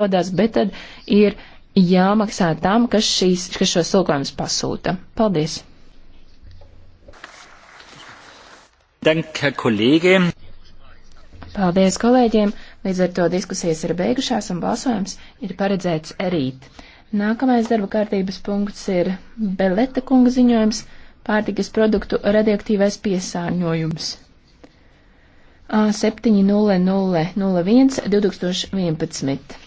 rodas, bet tad ir jāmaksā tam, kas, šīs, kas šos tulkojumus pasūta. Paldies! Dank, kolēģi. Paldies kolēģiem! Līdz ar to diskusijas ir beigušās un balsojums ir paredzēts rīt. Nākamais darba kārtības punkts ir Beleta kunga ziņojums - pārtikas produktu radioaktīvais piesārņojums. A70001 2011.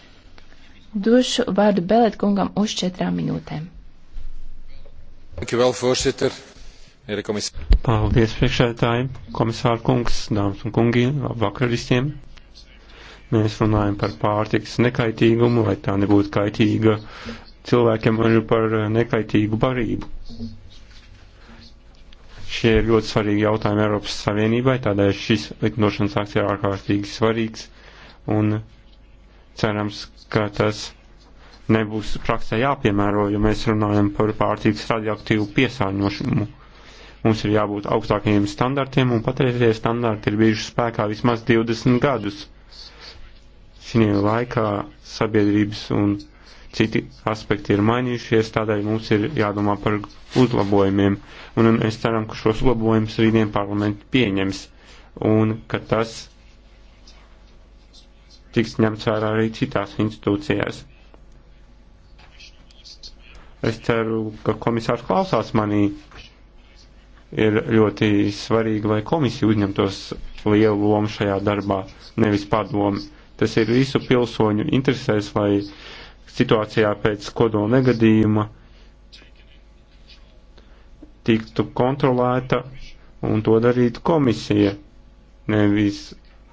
Došu vārdu Belet kungam uz četrām minūtēm. Paldies priekšētājiem, komisāra kungs, dāmas un kungi, vakar visiem. Mēs runājam par pārtikas nekaitīgumu, lai tā nebūtu kaitīga cilvēkiem arī par nekaitīgu barību. Šie ir ļoti svarīgi jautājumi Eiropas Savienībai, tādēļ šis likumdošanas akts ir ārkārtīgi svarīgs un Cerams, ka tas nebūs praksē jāpiemēro, jo mēs runājam par pārtīks radioaktīvu piesārņošanu. Mums ir jābūt augstākajiem standartiem, un patreizie standarti ir bijuši spēkā vismaz 20 gadus. Šī laikā sabiedrības un citi aspekti ir mainījušies, tādēļ mums ir jādomā par uzlabojumiem, un mēs ceram, ka šos uzlabojumus rītdien parlamenti pieņems, un ka tas tiks ņemts vērā arī citās institūcijās. Es ceru, ka komisārs klausās manī. Ir ļoti svarīgi, lai komisija uzņemtos lielu lomu šajā darbā, nevis padomu. Tas ir visu pilsoņu interesēs, lai situācijā pēc kodola negadījuma tiktu kontrolēta un to darītu komisija, nevis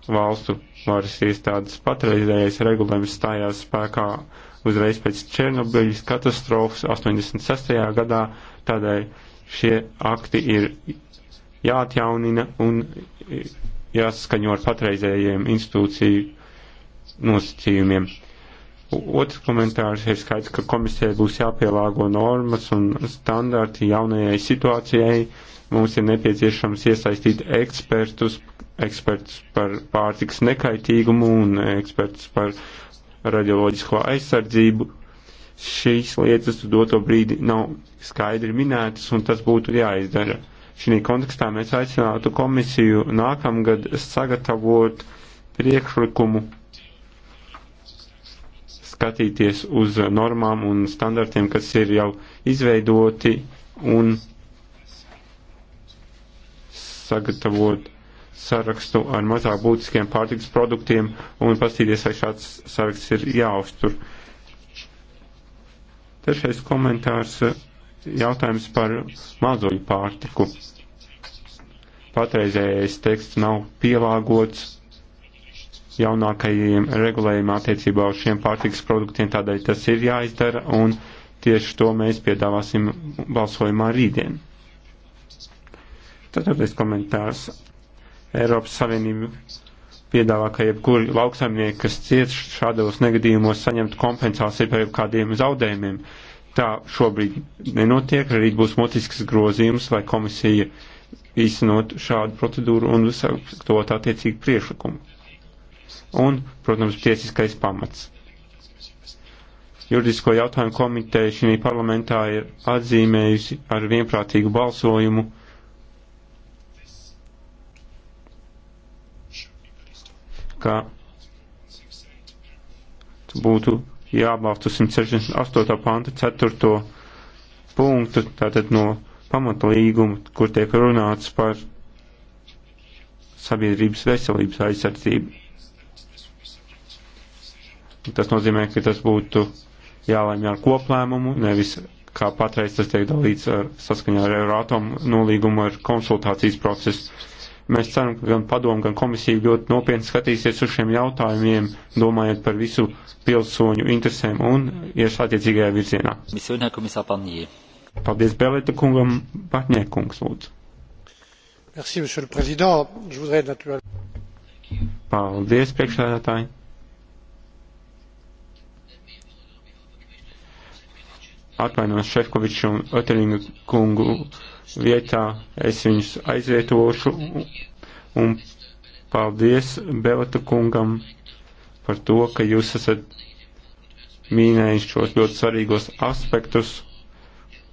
valstu varas iestādes patreizējais regulējums stājās spēkā uzreiz pēc Černobiļas katastrofas 86. gadā, tādēļ šie akti ir jāatjaunina un jāsaskaņo ar patreizējiem institūciju nosacījumiem. Otrs komentārs ir skaidrs, ka komisijai būs jāpielāgo normas un standarti jaunajai situācijai. Mums ir nepieciešams iesaistīt ekspertus, eksperts par pārtiks nekaitīgumu un eksperts par radioloģisko aizsardzību. Šīs lietas doto brīdi nav skaidri minētas, un tas būtu jāizdara. Šī kontekstā mēs aicinātu komisiju nākamgad sagatavot priekšlikumu skatīties uz normām un standartiem, kas ir jau izveidoti, un sagatavot sarakstu ar mazāk būtiskiem pārtikas produktiem un pastīties, vai šāds saraksts ir jāuztur. Trešais komentārs jautājums par mazoļu pārtiku. Patreizējais teksts nav pielāgots jaunākajiem regulējumiem attiecībā uz šiem pārtikas produktiem, tādēļ tas ir jāizdara, un tieši to mēs piedāvāsim balsojumā rītdien. Ceturtais komentārs Eiropas Savienība piedāvā, ka jebkuri lauksaimnieki, kas cieš šādos negadījumos, saņemtu kompensāciju par jebkādiem zaudējumiem. Tā šobrīd nenotiek, arī būs mutisks grozījums, lai komisija īstenot šādu procedūru un sagatavot attiecīgu priešlikumu. Un, protams, tiesiskais pamats. Juridisko jautājumu komiteja šī parlamentā ir atzīmējusi ar vienprātīgu balsojumu ka būtu jābalsta 168. panta 4. punktu, tātad no pamatlīguma, kur tiek runāts par sabiedrības veselības aizsardzību. Tas nozīmē, ka tas būtu jālēmj ar koplēmumu, nevis kā patreiz tas tiek dalīts ar, saskaņā ar Eirātomu nolīgumu ar konsultācijas procesu. Mēs ceram, ka gan padomu, gan komisija ļoti nopietni skatīsies uz šiem jautājumiem, domājot par visu pilsoņu interesēm un ies attiecīgajā virzienā. Paldies Beleta kungam, Barņē kungs lūdzu. Merci, monsieur le président. Je voudrais naturellement. Paldies, priekšsēdētāji. Atvainojos Šefkoviču un Otelinga kungu vietā es viņus aizvietošu un paldies Belata kungam par to, ka jūs esat mīnējuši šos ļoti svarīgos aspektus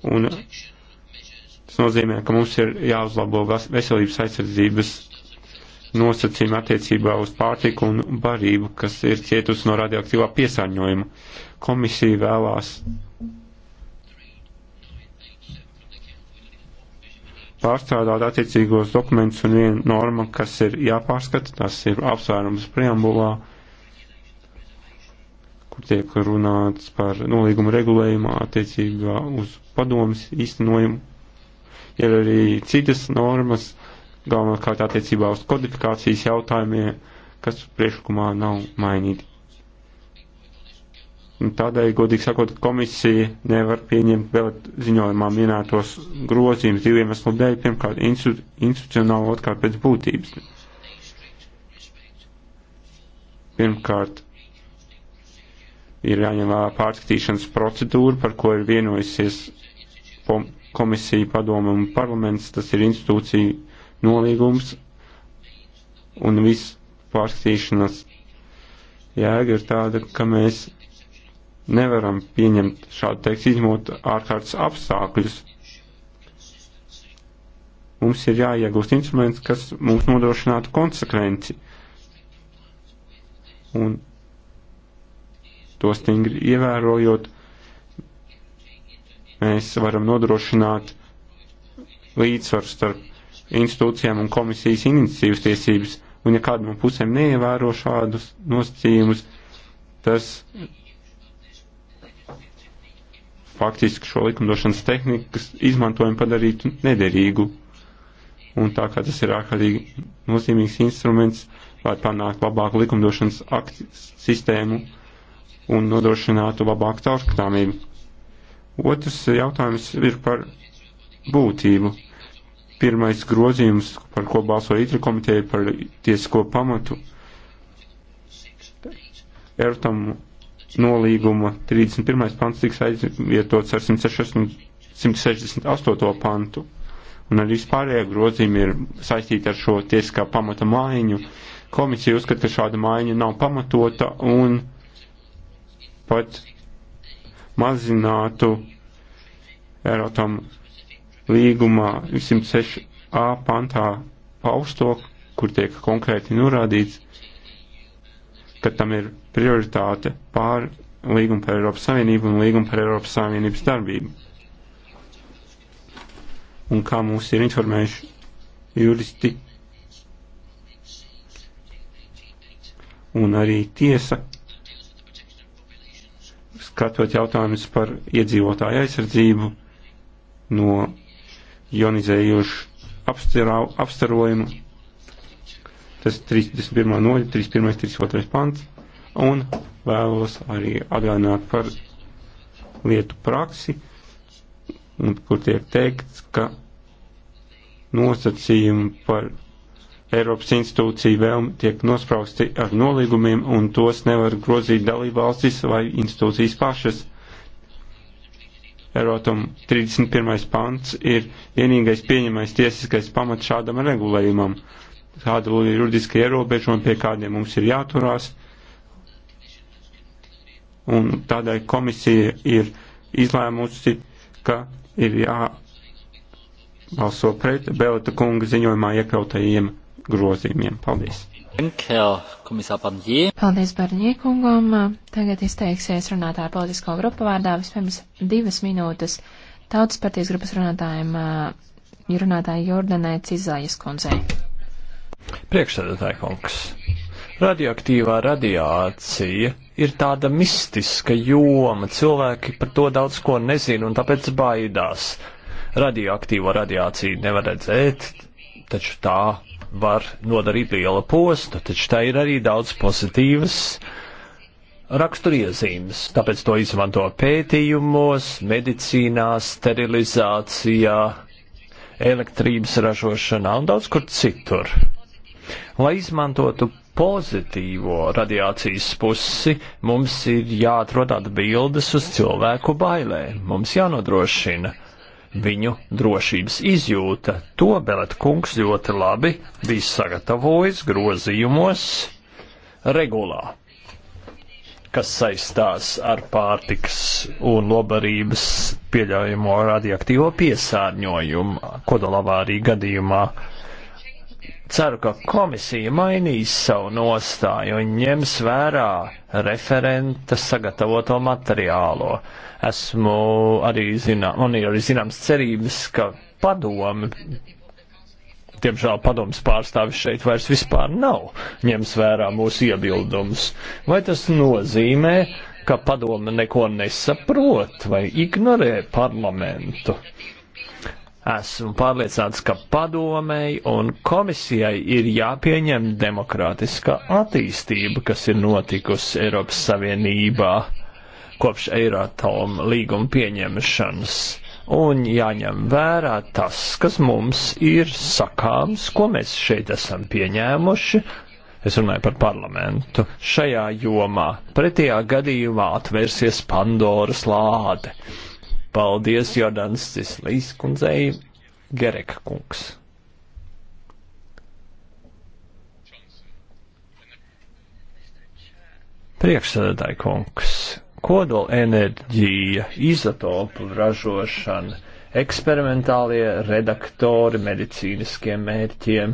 un tas nozīmē, ka mums ir jāuzlabo veselības aizsardzības nosacījumi attiecībā uz pārtiku un barību, kas ir cietusi no radioaktīvā piesārņojuma. Komisija vēlās pārstrādāt attiecīgos dokumentus un viena norma, kas ir jāpārskata, tas ir apsvērums preambulā, kur tiek runāts par nolīgumu regulējumā attiecībā uz padomas īstenojumu. Ir arī citas normas, galvenokārt attiecībā uz kodifikācijas jautājumiem, kas priekšlikumā nav mainīti. Tādēļ, godīgi sakot, komisija nevar pieņemt vēl ziņojumā minētos grozījumus diviem eslu dēļ, pirmkārt institu, institucionāli, otrkārt pēc būtības. Pirmkārt, ir jāņem vērā pārskatīšanas procedūra, par ko ir vienojusies komisija, padoma un parlaments, tas ir institūcija nolīgums un viss pārskatīšanas jēga ir tāda, ka mēs nevaram pieņemt šādu tekstu, izņemot ārkārtas apstākļus. Mums ir jāiegūst instruments, kas mums nodrošinātu konsekvenci. Un to stingri ievērojot, mēs varam nodrošināt līdzsvaru starp institūcijām un komisijas iniciatīvas tiesības. Un ja kāda no pusēm neievēro šādus nosacījumus, tas faktiski šo likumdošanas tehnikas izmantojumu padarītu nederīgu. Un tā kā tas ir ārkārtīgi nozīmīgs instruments, lai panāktu labāku likumdošanas akti, sistēmu un nodrošinātu labāku caurskatāmību. Otrs jautājums ir par būtību. Pirmais grozījums, par ko balso ITRI komiteja par tiesisko pamatu, Ertam nolīguma 31. pants tiks aizvietots ar 168. pantu, un arī vispārējie grozījumi ir saistīti ar šo tiesiskā pamata mājiņu. Komisija uzskata, ka šāda mājiņa nav pamatota un pat mazinātu Eirotam līgumā 106a pantā pausto, kur tiek konkrēti norādīts, ka tam ir prioritāte pār līgumu par Eiropas Savienību un līgumu par Eiropas Savienības darbību. Un kā mūs ir informējuši juristi un arī tiesa, skatot jautājumus par iedzīvotāju aizsardzību no jonizējošu apstarojumu tas 31. noļa, 31. 32. pants, un vēlos arī atgādināt par lietu praksi, un, kur tiek teikts, ka nosacījumi par Eiropas institūciju vēlmi tiek nosprausti ar nolīgumiem, un tos nevar grozīt dalībvalstis vai institūcijas pašas. Eirotom 31. pants ir vienīgais pieņemais tiesiskais pamats šādam regulējumam kāda ir juridiska ierobežojuma, pie kādiem mums ir jāturās. Un tādēļ komisija ir izlēmusi, ka ir jābalso pret Belta kunga ziņojumā iekļautajiem grozījumiem. Paldies! Paldies Barņiekungam. Tagad izteiksies runātāja politisko grupu vārdā vispirms divas minūtes tautas partijas grupas runātājiem eh, runātāja Jordanai Cizājas kundzei. Priekšsēdētāji kungs, radioaktīvā radiācija ir tāda mistiska joma, cilvēki par to daudz ko nezina un tāpēc baidās. Radioaktīvo radiāciju nevar redzēt, taču tā var nodarīt liela postu, taču tā ir arī daudz pozitīvas raksturiezīmes, tāpēc to izmanto pētījumos, medicīnā, sterilizācijā, elektrības ražošanā un daudz kur citur. Lai izmantotu pozitīvo radiācijas pusi, mums ir jāatrod atbildes uz cilvēku bailēm, mums jānodrošina viņu drošības izjūta. To Belet kungs ļoti labi bija sagatavojis grozījumos regulā, kas saistās ar pārtiks un lobarības pieļaujamo radioaktīvo piesārņojumu kodolavārī gadījumā. Ceru, ka komisija mainīs savu nostāju un ņems vērā referenta sagatavoto materiālo. Esmu arī zinām, un ir arī zināms cerības, ka padomi, diemžēl padoms pārstāvis šeit vairs vispār nav, ņems vērā mūsu iebildumus. Vai tas nozīmē, ka padome neko nesaprot vai ignorē parlamentu? Esmu pārliecināts, ka padomēji un komisijai ir jāpieņem demokrātiskā attīstība, kas ir notikusi Eiropas Savienībā kopš Eiratoma līguma pieņemšanas, un jāņem vērā tas, kas mums ir sakāms, ko mēs šeit esam pieņēmuši, es runāju par parlamentu, šajā jomā pretējā gadījumā atvērsies Pandoras lāde Paldies Jordāns Cislīs kundzei Gereka kungs. Priekšsēdētāji kungs, kodola enerģija, izotopu ražošana, eksperimentālie redaktori medicīniskiem mērķiem.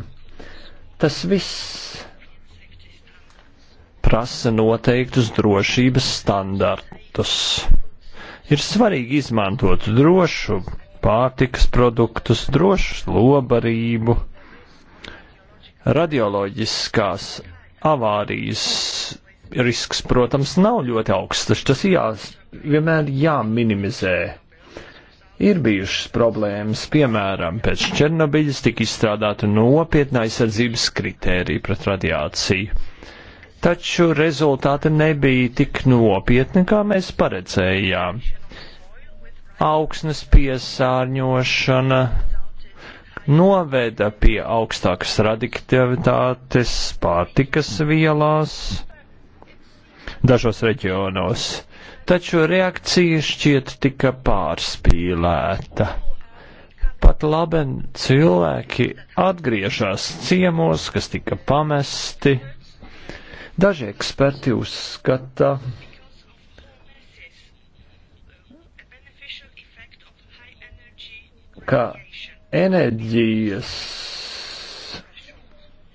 Tas viss prasa noteiktus drošības standartus. Ir svarīgi izmantot drošu pārtikas produktus, drošu lobarību, radioloģiskās avārijas risks, protams, nav ļoti augsts, taču tas jā, vienmēr jāminimizē. Ir bijušas problēmas, piemēram, pēc Černobiļas tika izstrādāta nopietna aizsardzības kritērija pret radiāciju. Taču rezultāti nebija tik nopietni, kā mēs paredzējām augsnes piesārņošana noveda pie augstākas radiktivitātes pārtikas vielās dažos reģionos, taču reakcija šķiet tika pārspīlēta. Pat labi cilvēki atgriežas ciemos, kas tika pamesti. Daži eksperti uzskata, ka ka enerģijas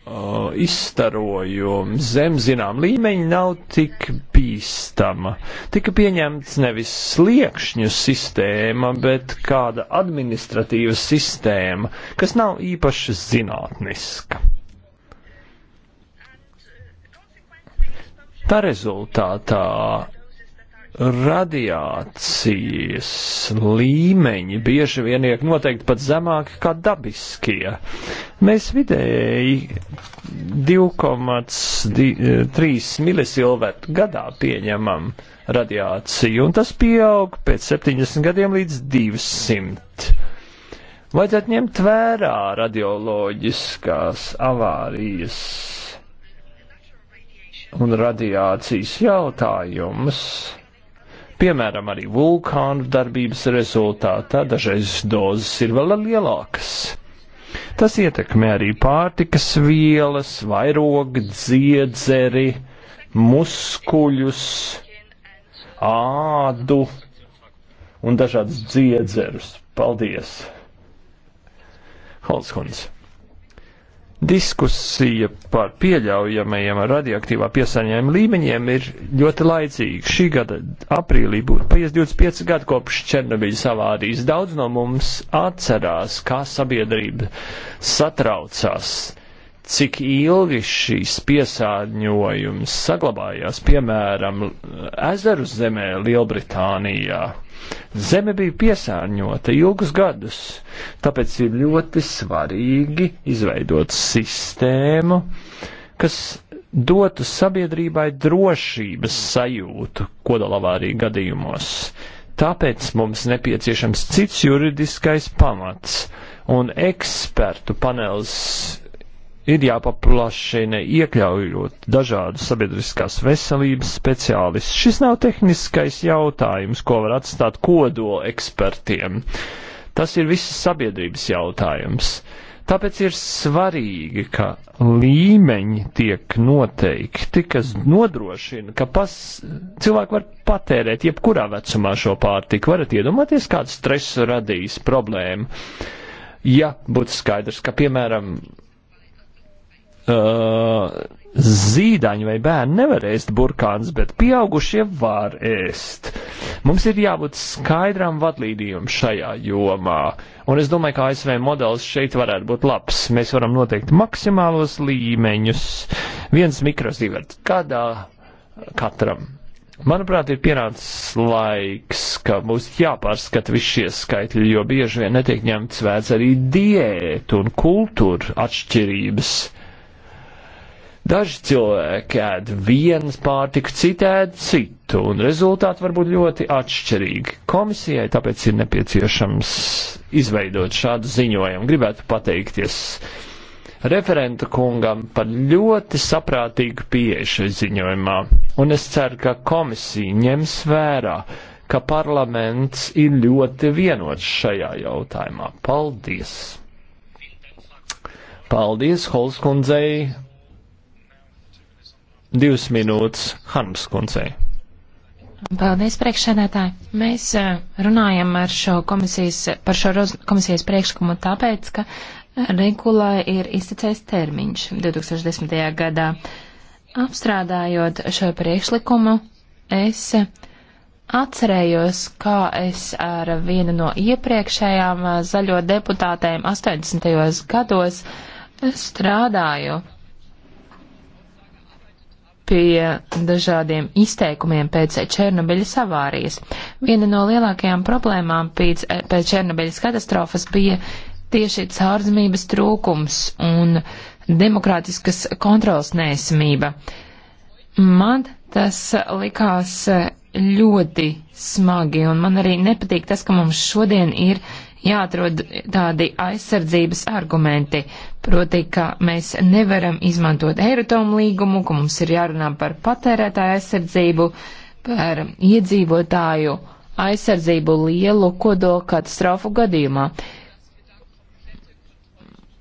uh, izstarojumi zem zinām līmeņi nav tik bīstama. Tika pieņemts nevis sliekšņu sistēma, bet kāda administratīva sistēma, kas nav īpaši zinātniska. Tā rezultātā radiācijas līmeņi bieži vien ir noteikti pat zemāki kā dabiskie. Mēs vidēji 2,3 milisilvertu gadā pieņemam radiāciju, un tas pieaug pēc 70 gadiem līdz 200. Vajadzētu ņemt vērā radioloģiskās avārijas un radiācijas jautājumus Piemēram, arī vulkānu darbības rezultātā dažreiz dozes ir vēl lielākas. Tas ietekmē arī pārtikas vielas, vairogu, dziedzeri, muskuļus, ādu un dažādas dziedzerus. Paldies! Holskunds! Diskusija par pieļaujamajiem radioaktīvā piesārņojuma līmeņiem ir ļoti laicīga. Šī gada aprīlī būtu paies 25 gadi kopš Černobiļas avārijas. Daudz no mums atcerās, kā sabiedrība satraucās cik ilgi šīs piesārņojums saglabājās, piemēram, ezeru zemē Lielbritānijā. Zeme bija piesārņota ilgus gadus, tāpēc ir ļoti svarīgi izveidot sistēmu, kas dotu sabiedrībai drošības sajūtu kodolavārija gadījumos. Tāpēc mums nepieciešams cits juridiskais pamats, un ekspertu panels ir jāpaplašina, iekļaujot dažādus sabiedriskās veselības speciālistus. Šis nav tehniskais jautājums, ko var atstāt kodo ekspertiem. Tas ir visas sabiedrības jautājums. Tāpēc ir svarīgi, ka līmeņi tiek noteikti, kas nodrošina, ka pas, cilvēki var patērēt jebkurā vecumā šo pārtiku. Varat iedomāties, kāds stress radīs problēmu. Ja būtu skaidrs, ka, piemēram, uh, zīdaņi vai bērni nevar ēst burkāns, bet pieaugušie var ēst. Mums ir jābūt skaidram vadlīdījumam šajā jomā, un es domāju, ka ASV modelis šeit varētu būt labs. Mēs varam noteikt maksimālos līmeņus, viens mikrosīverts gadā katram. Manuprāt, ir pienācis laiks, ka būs jāpārskata visi šie skaitļi, jo bieži vien netiek ņemts vērts arī diētu un kultūra atšķirības. Uh, Daži cilvēki ēd vienas pārtiku, citi ēd citu, un rezultāti var būt ļoti atšķirīgi. Komisijai tāpēc ir nepieciešams izveidot šādu ziņojumu. Gribētu pateikties referenta kungam par ļoti saprātīgu pieeju šai ziņojumā, un es ceru, ka komisija ņems vērā, ka parlaments ir ļoti vienots šajā jautājumā. Paldies! Paldies Holskundzei divas minūtes Harms kundzei. Paldies, priekšsēdētāji. Mēs eh, runājam ar šo komisijas, par šo komisijas priekšlikumu tāpēc, ka regulā ir izticējis termiņš 2010. gadā. Apstrādājot šo priekšlikumu, es atcerējos, kā es ar vienu no iepriekšējām eh, zaļo deputātēm 80. gados strādāju pie dažādiem izteikumiem pēc Černobiļas avārijas. Viena no lielākajām problēmām pēc, pēc Černobiļas katastrofas bija tieši caurzmības trūkums un demokrātiskas kontrolas nēsamība. Man tas likās ļoti smagi, un man arī nepatīk tas, ka mums šodien ir jāatrod tādi aizsardzības argumenti, proti, ka mēs nevaram izmantot Eiratomu līgumu, ka mums ir jārunā par patērētāju aizsardzību, par iedzīvotāju aizsardzību lielu kodolu katastrofu gadījumā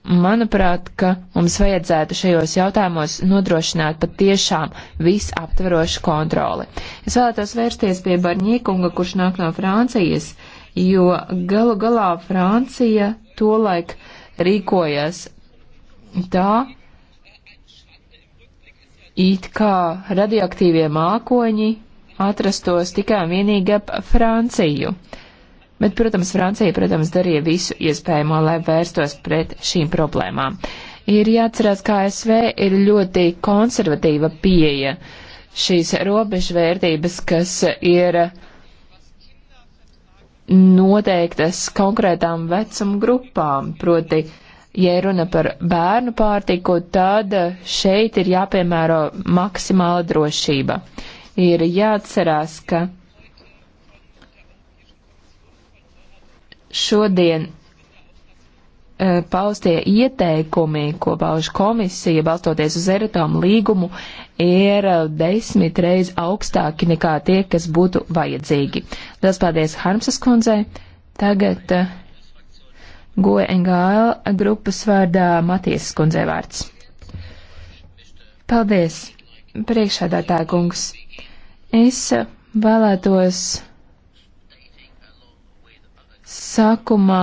manuprāt, ka mums vajadzētu šajos jautājumos nodrošināt patiešām visaptverošu kontroli. Es vēlētos vērsties pie Barņīkunga, kurš nāk no Francijas, jo galu galā Francija tolaik rīkojas tā, it kā radioaktīvie mākoņi atrastos tikai un vienīgi ap Franciju. Uh, Bet, protams, Francija, protams, darīja visu iespējamo, lai vērstos pret šīm problēmām. Ir jāatcerās, ka ASV ir ļoti konservatīva pieeja šīs robežvērtības, kas ir noteiktas konkrētām vecuma grupām, proti, ja runa par bērnu pārtiku, tad šeit ir jāpiemēro maksimāla drošība. Ir jāatcerās, ka šodien e, paustie ieteikumi, ko pauž komisija, balstoties uz Eratomu līgumu, ir e, desmit reiz augstāki nekā tie, kas būtu vajadzīgi. Lielas paldies Harmsas kundzei. Tagad uh, e, Goja NGL grupas vārdā Matijas kundzei vārds. Paldies, priekšādātā kungs. Es vēlētos sākumā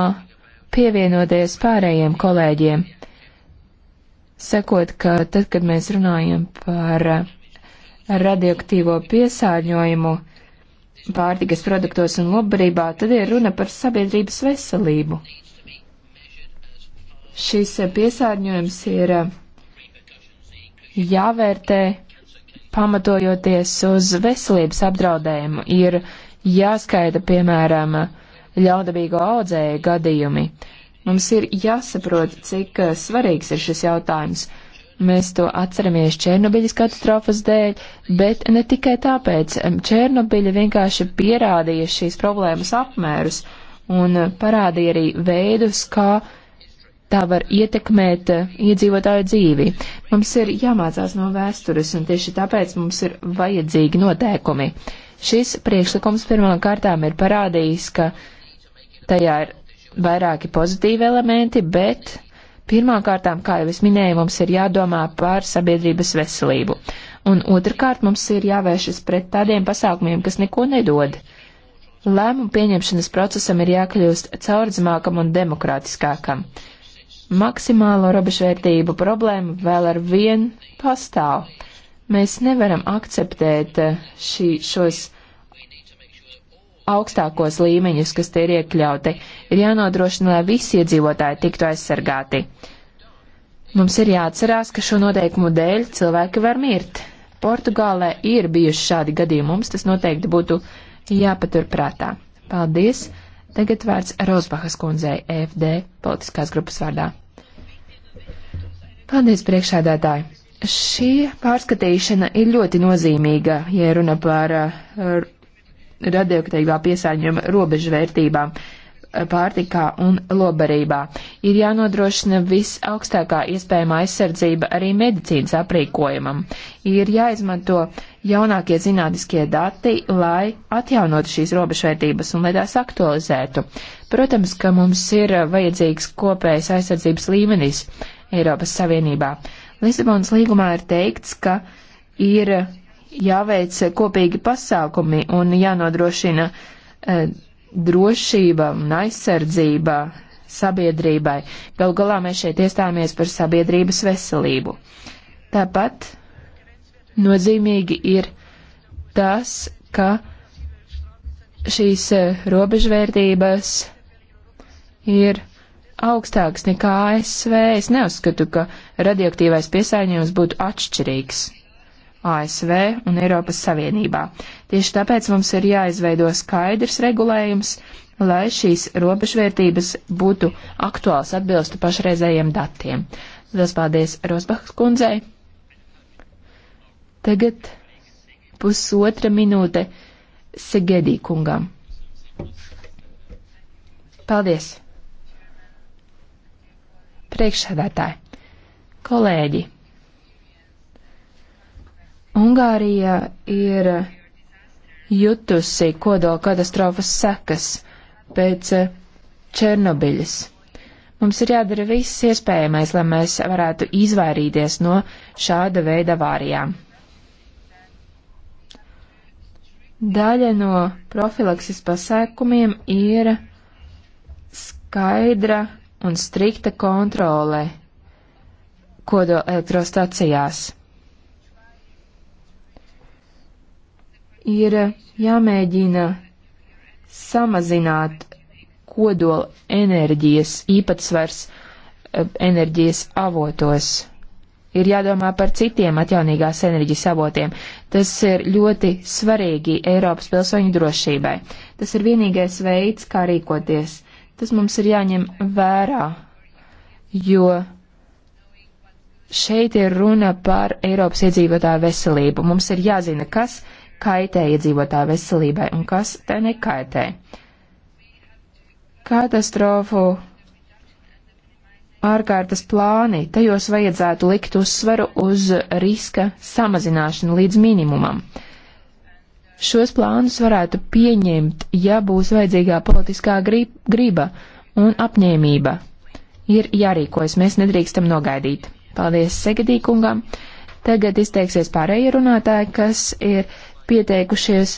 pievienoties pārējiem kolēģiem, sakot, ka tad, kad mēs runājam par radioaktīvo piesārņojumu pārtikas produktos un labbarībā, tad ir runa par sabiedrības veselību. Šis piesārņojums ir jāvērtē pamatojoties uz veselības apdraudējumu. Ir jāskaita, piemēram, uh, ļaundabīgo audzēju gadījumi. Mums ir jāsaprot, cik eh, svarīgs ir šis jautājums. Mēs to atceramies Černobiļas katastrofas dēļ, bet ne tikai tāpēc. Černobiļa vienkārši pierādīja šīs problēmas apmērus un eh, parādīja arī veidus, kā tā var ietekmēt eh, iedzīvotāju dzīvi. Mums ir jāmācās no vēstures, un tieši tāpēc mums ir vajadzīgi noteikumi. Šis priekšlikums pirmām kārtām ir parādījis, ka Tajā ir vairāki pozitīvi elementi, bet pirmkārtām, kā jau es minēju, mums ir jādomā par sabiedrības veselību. Un otrkārt, mums ir jāvēršas pret tādiem pasākumiem, kas neko nedod. Lēmumu pieņemšanas procesam ir jākļūst caurdzamākam un demokrātiskākam. Maksimālo robežvērtību problēma vēl ar vienu pastāv. Mēs nevaram akceptēt eh, šī, šos augstākos līmeņus, kas tie ir iekļauti, ir jānodrošina, lai visi iedzīvotāji tiktu aizsargāti. Mums ir jāatcerās, ka šo noteikumu dēļ cilvēki var mirt. Portugālē ir bijuši šādi gadījumi, mums tas noteikti būtu jāpaturprātā. Paldies! Tagad vārds Rozbahas kundzei EFD politiskās grupas vārdā. Paldies, priekšādātāji! Šī pārskatīšana ir ļoti nozīmīga, ja runa par uh, radioaktīvā piesārņojuma robežvērtībām eh, pārtikā un lobarībā. Ir jānodrošina visaugstākā iespējamā aizsardzība arī medicīnas aprīkojumam. Ir jāizmanto jaunākie zinātniskie dati, lai atjaunotu šīs robežvērtības un lai tās aktualizētu. Protams, ka mums ir eh, vajadzīgs kopējs aizsardzības līmenis Eiropas Savienībā. Lisabonas līgumā ir teikts, ka ir jāveic kopīgi pasākumi un jānodrošina e, drošība un aizsardzība sabiedrībai. Galu galā mēs šeit iestājāmies par sabiedrības veselību. Tāpat nozīmīgi ir tas, ka šīs e, robežvērtības ir augstāks nekā ASV. Es neuzskatu, ka radioaktīvais piesārņojums būtu atšķirīgs ASV un Eiropas Savienībā. Tieši tāpēc mums ir jāizveido skaidrs regulējums, lai šīs robežvērtības būtu aktuāls atbilstu pašreizējiem datiem. Liels paldies Rosbachas kundzei. Tagad pusotra minūte Segedī kungam. Paldies! Priekšsēdētāji, kolēģi! Ungārija ir jutusi kodola katastrofas sekas pēc eh, Černobiļas. Mums ir jādara viss iespējamais, lai mēs varētu izvairīties no šāda veida avārijām. Daļa no profilakses pasākumiem ir skaidra un strikta kontrole kodola elektrostacijās. ir jāmēģina samazināt kodola enerģijas īpatsvars eh, enerģijas avotos. Ir jādomā par citiem atjaunīgās enerģijas avotiem. Tas ir ļoti svarīgi Eiropas pilsoņu drošībai. Tas ir vienīgais veids, kā rīkoties. Tas mums ir jāņem vērā, jo šeit ir runa par Eiropas iedzīvotāju veselību. Mums ir jāzina, kas ir kaitē iedzīvotāju veselībai un kas tai nekaitē. Katastrofu ārkārtas plāni, tajos vajadzētu likt uzsvaru uz riska samazināšanu līdz minimumam. Šos plānus varētu pieņemt, ja būs vajadzīgā politiskā grib, griba un apņēmība. Ir jārīkojas, mēs nedrīkstam nogaidīt. Paldies Segedīkungam. Tagad izteiksies pārējie runātāji, kas ir pieteikušies.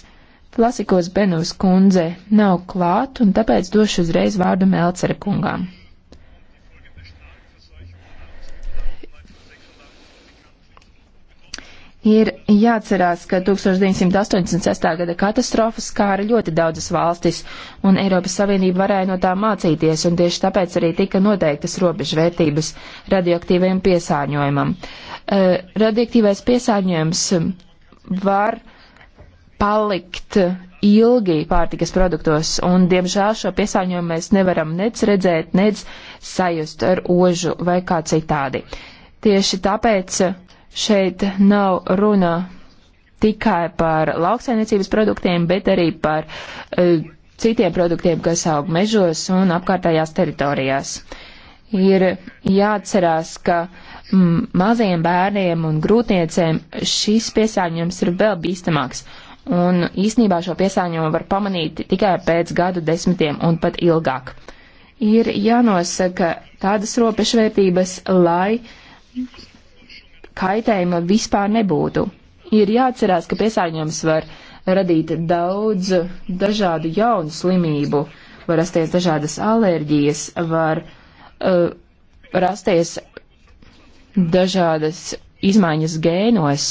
Plasikos Benus kundze nav klāt, un tāpēc došu uzreiz vārdu Melcera kungām. Ir jāatcerās, ka 1986. gada katastrofa skāra ļoti daudzas valstis, un Eiropas Savienība varēja no tā mācīties, un tieši tāpēc arī tika noteiktas robežvērtības radioaktīvajam piesārņojumam. Uh, radioaktīvais piesārņojums var uh, palikt ilgi pārtikas produktos, un diemžēl šo piesāņojumu mēs nevaram nec redzēt, nec sajust ar ožu vai kā citādi. Tieši tāpēc šeit nav runa tikai par lauksainiecības produktiem, bet arī par uh, citiem produktiem, kas aug mežos un apkārtējās teritorijās. Ir jāatcerās, ka mm, maziem bērniem un grūtniecēm šis piesārņojums ir vēl bīstamāks. Uh, un īsnībā šo piesāņojumu var pamanīt tikai pēc gadu desmitiem un pat ilgāk. Ir jānosaka tādas robežvērtības, lai kaitējuma vispār nebūtu. Ir jāatcerās, ka piesārņojums var radīt daudz dažādu jaunu slimību, var rasties dažādas alerģijas, var uh, rasties dažādas izmaiņas gēnos.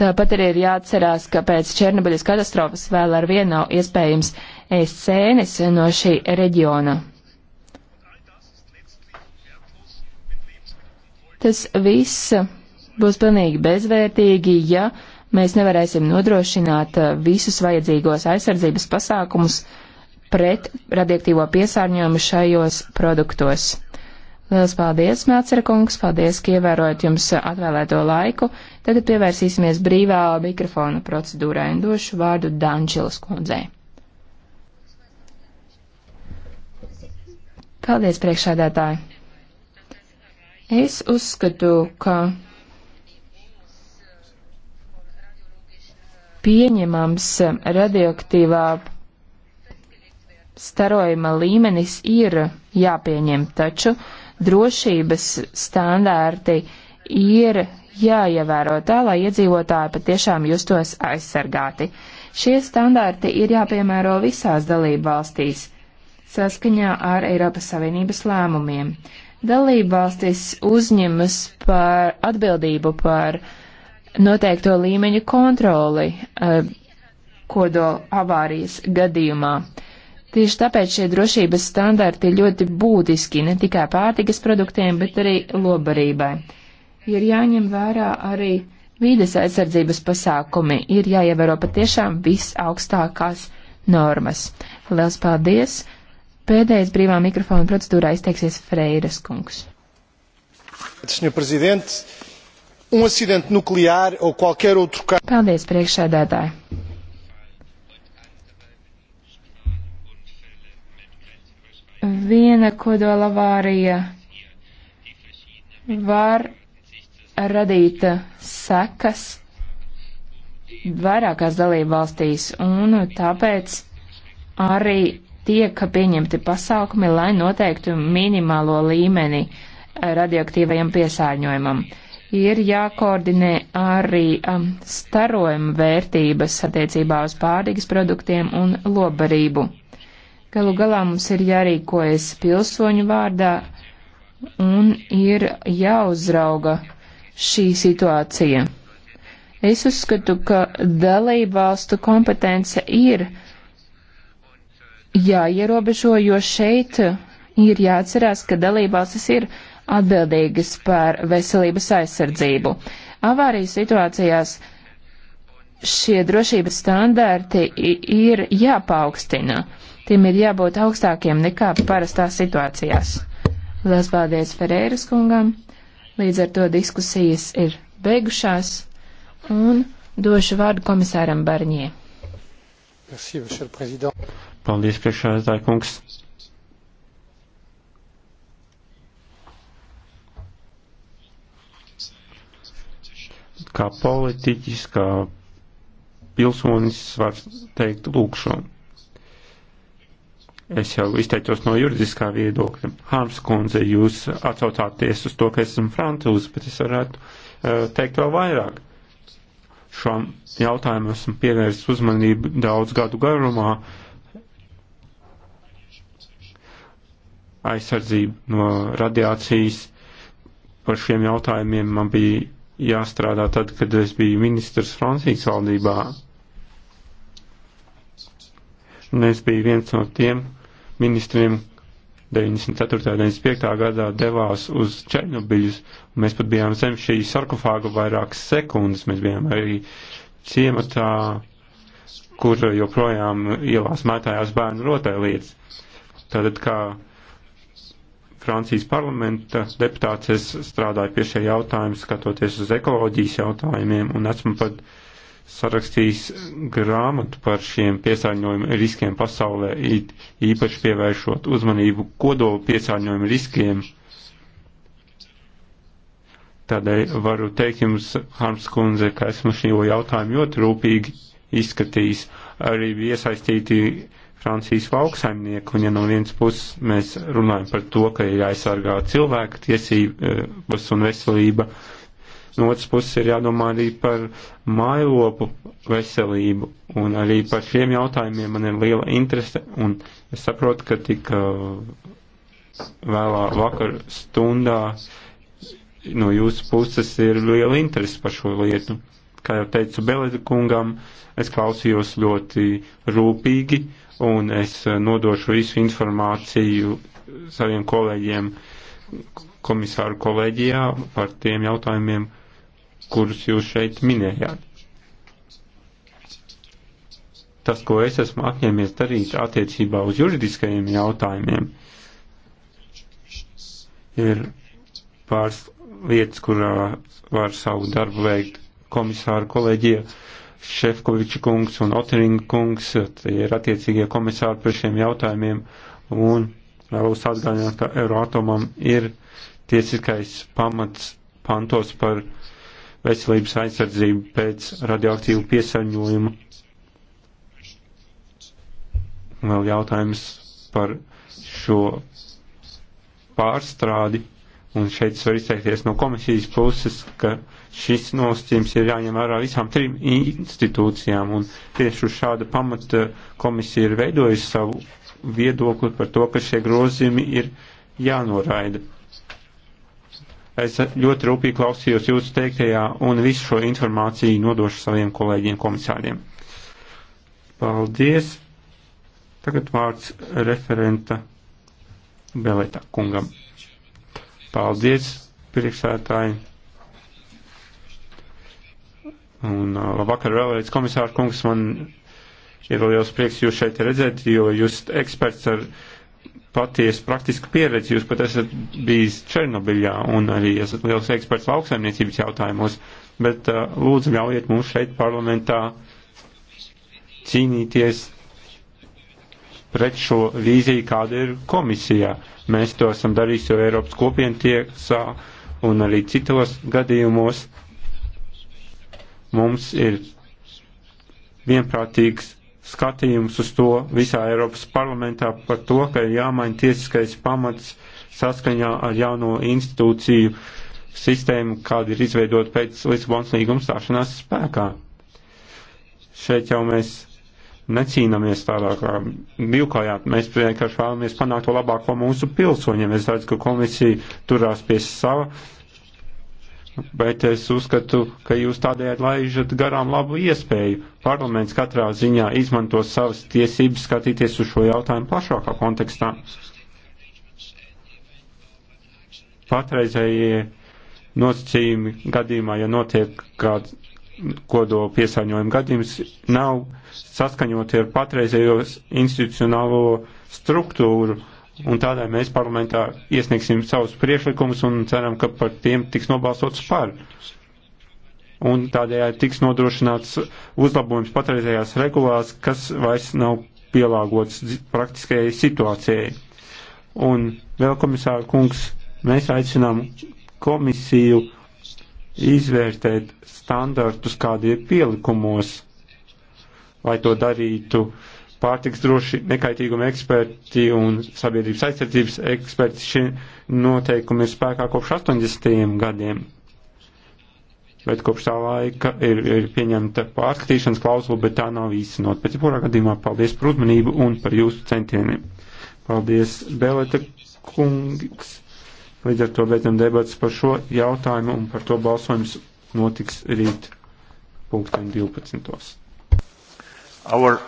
Tāpat arī ir jāatcerās, ka pēc Černobiļas katastrofas vēl ar vienu nav iespējams ēst sēnes no šī reģiona. Tas viss būs pilnīgi bezvērtīgi, ja mēs nevarēsim nodrošināt uh, visus vajadzīgos aizsardzības pasākumus pret radioaktīvo piesārņojumu šajos produktos. Lielas paldies, Melcera kungs, paldies, ka ievērojat jums atvēlēto laiku. Tagad pievērsīsimies brīvā mikrofona procedūrai un došu vārdu Dančilas kundzei. Paldies, priekšādētāji. Es uzskatu, ka pieņemams radioaktīvā starojuma līmenis ir jāpieņem, taču uh, drošības standārti ir jāievēro tā, lai iedzīvotāji patiešām justos aizsargāti. Šie standārti ir jāpiemēro visās dalību valstīs, saskaņā ar Eiropas Savienības lēmumiem. Dalību valstis uzņemas par atbildību par noteikto līmeņu kontroli eh, kodola avārijas gadījumā. Tieši tāpēc šie drošības standarti ir ļoti būtiski ne tikai pārtikas produktiem, bet arī lobarībai. Ir jāņem vērā arī vīdes aizsardzības pasākumi, ir jāievēro patiešām visaugstākās normas. Liels paldies! Pēdējais brīvā mikrofona procedūrā izteiksies Freiras kungs. Um paldies, priekšsēdētāji! Viena kodola avārija var radīt sekas vairākās dalību valstīs, un tāpēc arī tiek pieņemti pasākumi, lai noteiktu minimālo līmeni radioaktīvajam piesārņojumam. Ir jākoordinē arī um, starojuma vērtības attiecībā uz pārtikas produktiem un lobarību. Galu galā mums ir jārīkojas pilsoņu vārdā un ir jāuzrauga šī situācija. Es uzskatu, ka dalībvalstu kompetence ir jāierobežo, jo šeit ir jāatcerās, ka dalībvalstis ir atbildīgas par veselības aizsardzību. Avārijas situācijās šie drošības standarti ir jāpaukstina tiem ir jābūt augstākiem nekā parastās situācijās. Lielas paldies Ferēras kungam, līdz ar to diskusijas ir beigušās, un došu vārdu komisāram Barņē. Paldies, priekšādātāji kungs. kā politiķis, kā pilsonis var teikt lūkšanu. Es jau izteicos no juridiskā viedokļa. Hāms kundze, jūs atsaucāties uz to, ka esmu frantūze, bet es varētu uh, teikt vēl vairāk. Šam jautājumam esmu pievērsis uzmanību daudz gadu garumā. Aizsardzība no radiācijas par šiem jautājumiem man bija jāstrādā tad, kad es biju ministrs Francijas valdībā un es biju viens no tiem ministriem 94. un 95. gadā devās uz Černobiļus, un mēs pat bijām zem šī sarkofāga vairākas sekundes, mēs bijām arī ciematā, kur joprojām ielās mētājās bērnu rotaļlietas. Tātad, kā Francijas parlamenta deputāts, es strādāju pie šie jautājumi, skatoties uz ekoloģijas jautājumiem, un esmu pat uh, sarakstījis grāmatu par šiem piesārņojuma riskiem pasaulē, īpaši pievēršot uzmanību kodolu piesārņojuma riskiem. Tādēļ varu teikt jums, Harms kundze, ka esmu šo jautājumu ļoti rūpīgi izskatījis. Arī bija iesaistīti Francijas lauksaimnieku, un ja no vienas puses mēs runājam par to, ka ir jāaizsargā cilvēka tiesības un veselība, uh, no otras puses ir jādomā arī par mājlopu veselību, un arī par šiem jautājumiem man ir liela interese, un es saprotu, ka tik uh, vēlā vakar stundā no jūsu puses ir liela interese par šo lietu. Kā jau teicu Beleda kungam, es klausījos ļoti rūpīgi, un es uh, nodošu visu informāciju saviem kolēģiem komisāru kolēģijā par tiem jautājumiem, kurus jūs šeit minējāt. Tas, ko es esmu apņēmies darīt attiecībā uz juridiskajiem jautājumiem, ir pāris lietas, kurā var savu darbu veikt komisāru kolēģija Šefkoviča kungs un Oteringa kungs, tie ir attiecīgie komisāri par šiem jautājumiem, un vēlos atgādināt, ka Euroatomam ir tiesiskais pamats pantos par uh, veselības aizsardzību pēc radioaktīvu piesaņojumu. Vēl jautājums par šo pārstrādi, un šeit var izteikties no komisijas puses, ka šis nosacījums ir jāņem vērā visām trim institūcijām, un tieši uz šāda pamata komisija ir veidojusi savu viedokli par to, ka šie grozījumi ir jānoraida. Es ļoti rūpīgi klausījos jūsu teiktajā un visu šo informāciju nodošu saviem kolēģiem komisāriem. Paldies! Tagad vārds referenta Belētā kungam. Paldies, priekšsētāji! Un uh, labvakar vēlreiz, komisāra kungs, man ir liels prieks jūs šeit redzēt, jo jūs eksperts ar patiesu praktisku pieredzi. Jūs pat esat bijis Černobiļā un arī esat liels eksperts lauksaimniecības jautājumos, bet uh, lūdzu ļaujiet mums šeit parlamentā cīnīties pret šo vīziju, kāda ir komisijā. Mēs to esam darījuši jau Eiropas kopienu tiesā un arī citos gadījumos. Mums ir vienprātīgs skatījums uz to visā Eiropas parlamentā par to, ka ir jāmaina tiesiskais pamats saskaņā ar jauno institūciju sistēmu, kāda ir izveidota pēc Lisbonas līguma stāšanās spēkā. Šeit jau mēs necīnāmies tādā kā divkājā, mēs vienkārši vēlamies panākt to labāko mūsu pilsoņiem. Es redzu, ka komisija turās pie sava bet es uzskatu, ka jūs tādējādi laižat garām labu iespēju. Parlaments katrā ziņā izmanto savas tiesības skatīties uz šo jautājumu plašākā kontekstā. Patreizējie nosacījumi gadījumā, ja notiek kāds kodola piesāņojuma gadījums, nav saskaņoti ar patreizējo institucionālo struktūru. Uh, un tādēļ mēs parlamentā iesniegsim savus priešlikumus un ceram, ka par tiem tiks nobalsots par. Un tādējādi tiks nodrošināts uzlabojums patreizējās regulās, kas vairs nav pielāgots praktiskajai situācijai. Un vēl komisāra kungs, mēs aicinām komisiju izvērtēt standartus, kādi ir pielikumos, lai to darītu uh, pārtiks droši nekaitīguma eksperti un sabiedrības aizsardzības eksperti šie noteikumi ir spēkā kopš 80. gadiem. Bet kopš tā laika ir, ir pieņemta pārskatīšanas klausula, bet tā nav īstenot. Pēc jebkurā gadījumā paldies par uzmanību un par jūsu centieniem. Paldies, Beleta kungs. Līdz ar to beidzam debats par šo jautājumu un par to balsojums notiks rīt punktiem 12. Our